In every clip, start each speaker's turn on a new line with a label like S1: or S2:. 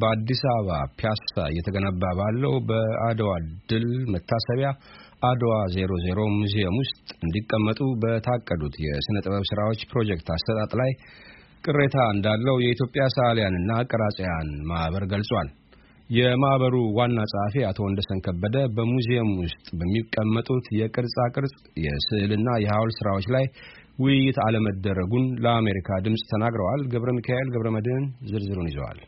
S1: በአዲስ አበባ ፒያሳ እየተገነባ ባለው በአድዋ ድል መታሰቢያ አድዋ 00 ሙዚየም ውስጥ እንዲቀመጡ በታቀዱት የሥነ ጥበብ ሥራዎች ፕሮጀክት አሰጣጥ ላይ ቅሬታ እንዳለው የኢትዮጵያ ሰዓሊያንና ቀራጺያን ማኅበር ገልጿል። የማኅበሩ ዋና ጸሐፊ አቶ ወንደሰን ከበደ በሙዚየም ውስጥ በሚቀመጡት የቅርጻ ቅርጽ የስዕልና የሐውልት ሥራዎች ላይ ውይይት አለመደረጉን ለአሜሪካ ድምፅ ተናግረዋል። ገብረ ሚካኤል ገብረ መድህን ዝርዝሩን ይዘዋል።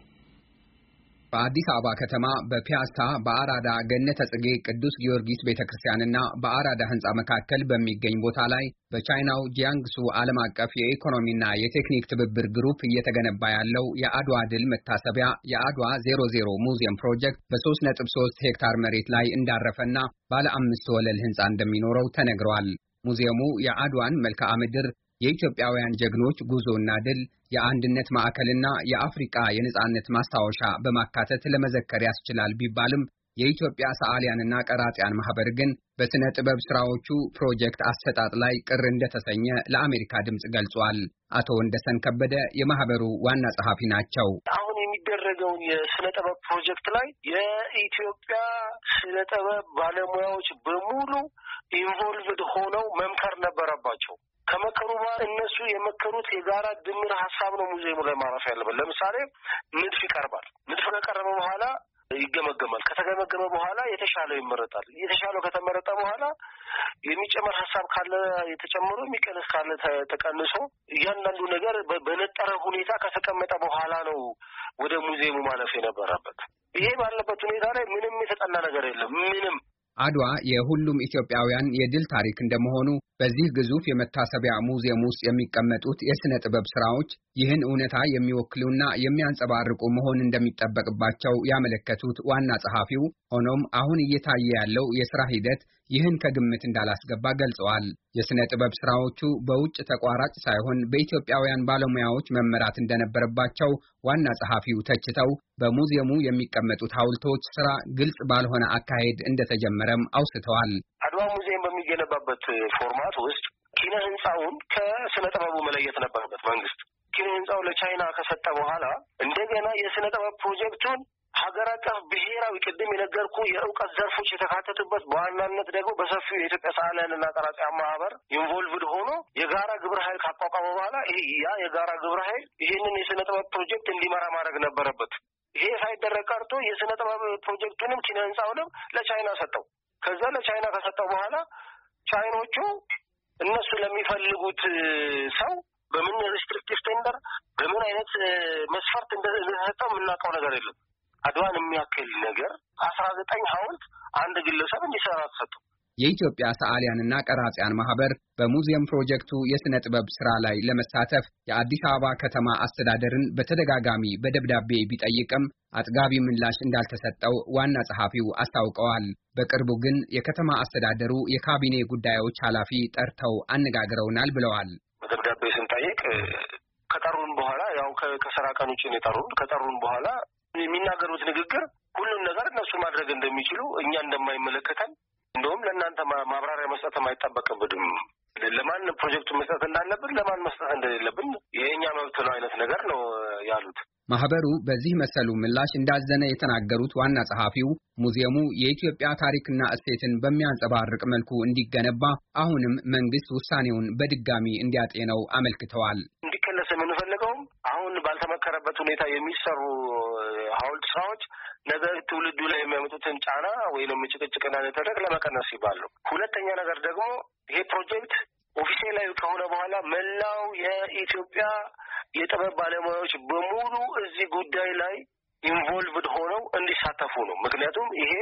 S1: በአዲስ አበባ ከተማ በፒያሳ በአራዳ ገነተ ጽጌ ቅዱስ ጊዮርጊስ ቤተ ክርስቲያንና በአራዳ ሕንፃ መካከል በሚገኝ ቦታ ላይ በቻይናው ጂያንግሱ ዓለም አቀፍ የኢኮኖሚና የቴክኒክ ትብብር ግሩፕ እየተገነባ ያለው የአድዋ ድል መታሰቢያ የአድዋ 00 ሙዚየም ፕሮጀክት በ3.3 ሄክታር መሬት ላይ እንዳረፈና ባለ አምስት ወለል ሕንፃ እንደሚኖረው ተነግሯል። ሙዚየሙ የአድዋን መልክዓ ምድር የኢትዮጵያውያን ጀግኖች ጉዞና ድል የአንድነት ማዕከልና የአፍሪቃ የነጻነት ማስታወሻ በማካተት ለመዘከር ያስችላል ቢባልም የኢትዮጵያ ሰዓሊያንና ቀራጺያን ማህበር ግን በሥነ ጥበብ ሥራዎቹ ፕሮጀክት አሰጣጥ ላይ ቅር እንደተሰኘ ለአሜሪካ ድምፅ ገልጿል። አቶ ወንደሰን ከበደ የማህበሩ ዋና ጸሐፊ ናቸው።
S2: አሁን የሚደረገውን የሥነ ጥበብ ፕሮጀክት ላይ የኢትዮጵያ ሥነ ጥበብ ባለሙያዎች በሙሉ ኢንቮልቭድ ሆነው መምከር ነበረባቸው። ከመከሩ በኋላ እነሱ የመከሩት የጋራ ድምር ሀሳብ ነው ሙዚየሙ ላይ ማረፍ ያለበት። ለምሳሌ ንድፍ ይቀርባል። ንድፍ ከቀረበ በኋላ ይገመገማል። ከተገመገመ በኋላ የተሻለው ይመረጣል። የተሻለው ከተመረጠ በኋላ የሚጨመር ሀሳብ ካለ ተጨምሮ፣ የሚቀንስ ካለ ተቀንሶ፣ እያንዳንዱ ነገር በነጠረ ሁኔታ ከተቀመጠ በኋላ ነው ወደ ሙዚየሙ ማለፍ የነበረበት። ይሄ ባለበት ሁኔታ ላይ ምንም የተጠና ነገር የለም። ምንም
S1: አድዋ የሁሉም ኢትዮጵያውያን የድል ታሪክ እንደመሆኑ በዚህ ግዙፍ የመታሰቢያ ሙዚየም ውስጥ የሚቀመጡት የሥነ ጥበብ ሥራዎች ይህን እውነታ የሚወክሉና የሚያንጸባርቁ መሆን እንደሚጠበቅባቸው ያመለከቱት ዋና ጸሐፊው፣ ሆኖም አሁን እየታየ ያለው የሥራ ሂደት ይህን ከግምት እንዳላስገባ ገልጸዋል። የሥነ ጥበብ ሥራዎቹ በውጭ ተቋራጭ ሳይሆን በኢትዮጵያውያን ባለሙያዎች መመራት እንደነበረባቸው ዋና ጸሐፊው ተችተው በሙዚየሙ የሚቀመጡት ሐውልቶች ሥራ ግልጽ ባልሆነ አካሄድ እንደተጀመረም አውስተዋል።
S2: አድዋ ሙዚየም በሚገነባበት ፎርማት ውስጥ ኪነ ህንፃውን ከስነ ጥበቡ መለየት ነበረበት መንግስት ኪነ ህንፃው ለቻይና ከሰጠ በኋላ እንደገና የስነ ጥበብ ፕሮጀክቱን ሀገር አቀፍ ብሔራዊ ቅድም የነገርኩ የእውቀት ዘርፎች የተካተቱበት በዋናነት ደግሞ በሰፊው የኢትዮጵያ ሰዓሊያን እና ቀራጺያን ማህበር ኢንቮልቭድ ሆኖ የጋራ ግብረ ኃይል ካቋቋመ በኋላ ይሄ ያ የጋራ ግብረ ኃይል ይህንን የስነ ጥበብ ፕሮጀክት እንዲመራ ማድረግ ነበረበት። ይሄ ሳይደረግ ቀርቶ የስነ ጥበብ ፕሮጀክቱንም ኪነ ህንፃውንም ለቻይና ሰጠው። ከዛ ለቻይና ከሰጠው በኋላ ቻይኖቹ እነሱ ለሚፈልጉት ሰው በምን ሪስትሪክቲቭ ቴንደር በምን አይነት መስፈርት እንደተሰጠው የምናውቀው ነገር የለም። አድዋን የሚያክል ነገር አስራ ዘጠኝ ሀውልት አንድ ግለሰብ እንዲሰራ ተሰጡ።
S1: የኢትዮጵያ ሰዓሊያንና ቀራጺያን ማህበር በሙዚየም ፕሮጀክቱ የሥነ ጥበብ ሥራ ላይ ለመሳተፍ የአዲስ አበባ ከተማ አስተዳደርን በተደጋጋሚ በደብዳቤ ቢጠይቅም አጥጋቢ ምላሽ እንዳልተሰጠው ዋና ጸሐፊው አስታውቀዋል። በቅርቡ ግን የከተማ አስተዳደሩ የካቢኔ ጉዳዮች ኃላፊ ጠርተው አነጋግረውናል ብለዋል። በደብዳቤ
S2: ስንጠይቅ ከጠሩን በኋላ ያው ከስራ ቀን ውጭ ነው የጠሩን። ከጠሩን በኋላ የሚናገሩት ንግግር ሁሉም ነገር እነሱ ማድረግ እንደሚችሉ እኛ እንደማይመለከተን እንደውም ለእናንተ ማብራሪያ መስጠትም አይጠበቅብንም ለማን ፕሮጀክቱ መስጠት እንዳለብን
S1: ለማን መስጠት እንደሌለብን የእኛ መብት ነው አይነት ነገር ነው ያሉት። ማህበሩ በዚህ መሰሉ ምላሽ እንዳዘነ የተናገሩት ዋና ጸሐፊው ሙዚየሙ የኢትዮጵያ ታሪክና እሴትን በሚያንጸባርቅ መልኩ እንዲገነባ አሁንም መንግስት ውሳኔውን በድጋሚ እንዲያጤነው አመልክተዋል።
S2: እንዲከለስ የምንፈልገውም አሁን ባልተመከረበት ሁኔታ የሚሰሩ ሀውልት ስራዎች ነገ ትውልዱ ላይ የሚያመጡትን ጫና ወይም ጭቅጭቅና ተደረግ ለመቀነስ ይባሉ። ሁለተኛ ነገር ደግሞ ይሄ ፕሮጀክት ላይ ከሆነ በኋላ መላው የኢትዮጵያ የጥበብ ባለሙያዎች በሙሉ እዚህ ጉዳይ ላይ ኢንቮልቭድ ሆነው እንዲሳተፉ ነው። ምክንያቱም ይሄ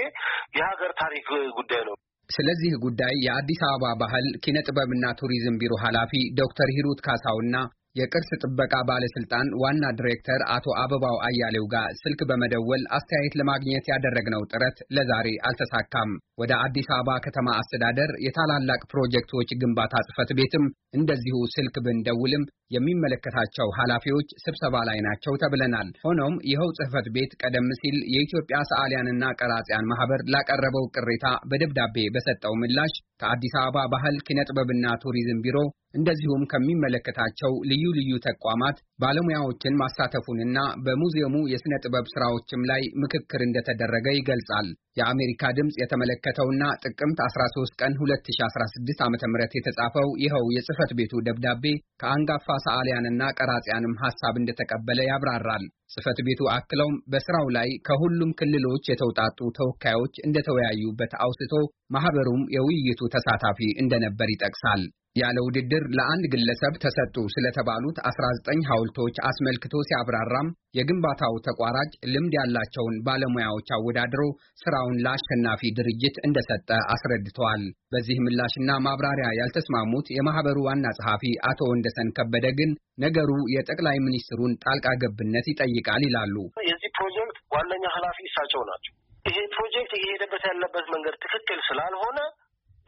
S2: የሀገር ታሪክ ጉዳይ ነው።
S1: ስለዚህ ጉዳይ የአዲስ አበባ ባህል ኪነ ጥበብና ቱሪዝም ቢሮ ኃላፊ ዶክተር ሂሩት ካሳውና የቅርስ ጥበቃ ባለስልጣን ዋና ዲሬክተር አቶ አበባው አያሌው ጋር ስልክ በመደወል አስተያየት ለማግኘት ያደረግነው ጥረት ለዛሬ አልተሳካም። ወደ አዲስ አበባ ከተማ አስተዳደር የታላላቅ ፕሮጀክቶች ግንባታ ጽህፈት ቤትም እንደዚሁ ስልክ ብንደውልም የሚመለከታቸው ኃላፊዎች ስብሰባ ላይ ናቸው ተብለናል። ሆኖም ይኸው ጽህፈት ቤት ቀደም ሲል የኢትዮጵያ ሰዓሊያንና ቀራጺያን ማህበር ላቀረበው ቅሬታ በደብዳቤ በሰጠው ምላሽ ከአዲስ አበባ ባህል ኪነጥበብና ቱሪዝም ቢሮ እንደዚሁም ከሚመለከታቸው ልዩ ልዩ ተቋማት ባለሙያዎችን ማሳተፉንና በሙዚየሙ የሥነ ጥበብ ሥራዎችም ላይ ምክክር እንደተደረገ ይገልጻል። የአሜሪካ ድምፅ የተመለከተውና ጥቅምት 13 ቀን 2016 ዓ ም የተጻፈው ይኸው የጽህፈት ቤቱ ደብዳቤ ከአንጋፋ ሰዓሊያንና ቀራጺያንም ሐሳብ እንደተቀበለ ያብራራል። ጽፈት ቤቱ አክለውም በስራው ላይ ከሁሉም ክልሎች የተውጣጡ ተወካዮች እንደተወያዩበት አውስቶ ማህበሩም የውይይቱ ተሳታፊ እንደነበር ይጠቅሳል። ያለ ውድድር ለአንድ ግለሰብ ተሰጡ ስለተባሉት 19 ሐውልቶች አስመልክቶ ሲያብራራም የግንባታው ተቋራጭ ልምድ ያላቸውን ባለሙያዎች አወዳድሮ ስራውን ለአሸናፊ ድርጅት እንደሰጠ አስረድተዋል። በዚህ ምላሽና ማብራሪያ ያልተስማሙት የማህበሩ ዋና ጸሐፊ አቶ ወንደሰን ከበደ ግን ነገሩ የጠቅላይ ሚኒስትሩን ጣልቃ ገብነት ይጠይቃል ይላሉ።
S2: የዚህ ፕሮጀክት ዋነኛ ኃላፊ እሳቸው ናቸው። ይሄ ፕሮጀክት እየሄደበት ያለበት መንገድ ትክክል ስላልሆነ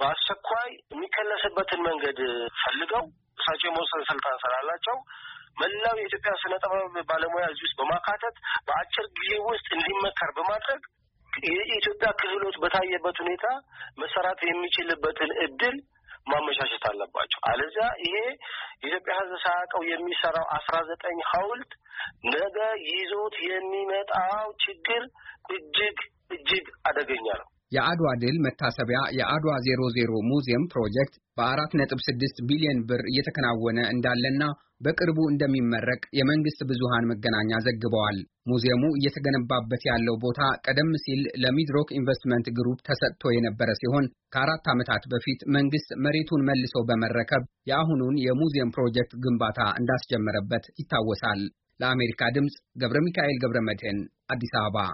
S2: በአስቸኳይ የሚከለስበትን መንገድ ፈልገው እሳቸው የመወሰን ስልጣን ስላላቸው መላው የኢትዮጵያ ስነ ጥበብ ባለሙያ እዚህ ውስጥ በማካተት በአጭር ጊዜ ውስጥ እንዲመከር በማድረግ የኢትዮጵያ ክህሎት በታየበት ሁኔታ መሰራት የሚችልበትን እድል ማመቻቸት አለባቸው። አለዚያ ይሄ የኢትዮጵያ ሕዝብ ሳያውቀው የሚሰራው አስራ ዘጠኝ ሀውልት ነገ ይዞት የሚመጣው ችግር እጅግ እጅግ አደገኛ ነው።
S1: የአድዋ ድል መታሰቢያ የአድዋ 00 ሙዚየም ፕሮጀክት በ4.6 ቢሊዮን ብር እየተከናወነ እንዳለና በቅርቡ እንደሚመረቅ የመንግስት ብዙሃን መገናኛ ዘግበዋል። ሙዚየሙ እየተገነባበት ያለው ቦታ ቀደም ሲል ለሚድሮክ ኢንቨስትመንት ግሩፕ ተሰጥቶ የነበረ ሲሆን ከአራት ዓመታት በፊት መንግስት መሬቱን መልሶ በመረከብ የአሁኑን የሙዚየም ፕሮጀክት ግንባታ እንዳስጀመረበት ይታወሳል። ለአሜሪካ ድምፅ ገብረ ሚካኤል ገብረ መድህን አዲስ
S2: አበባ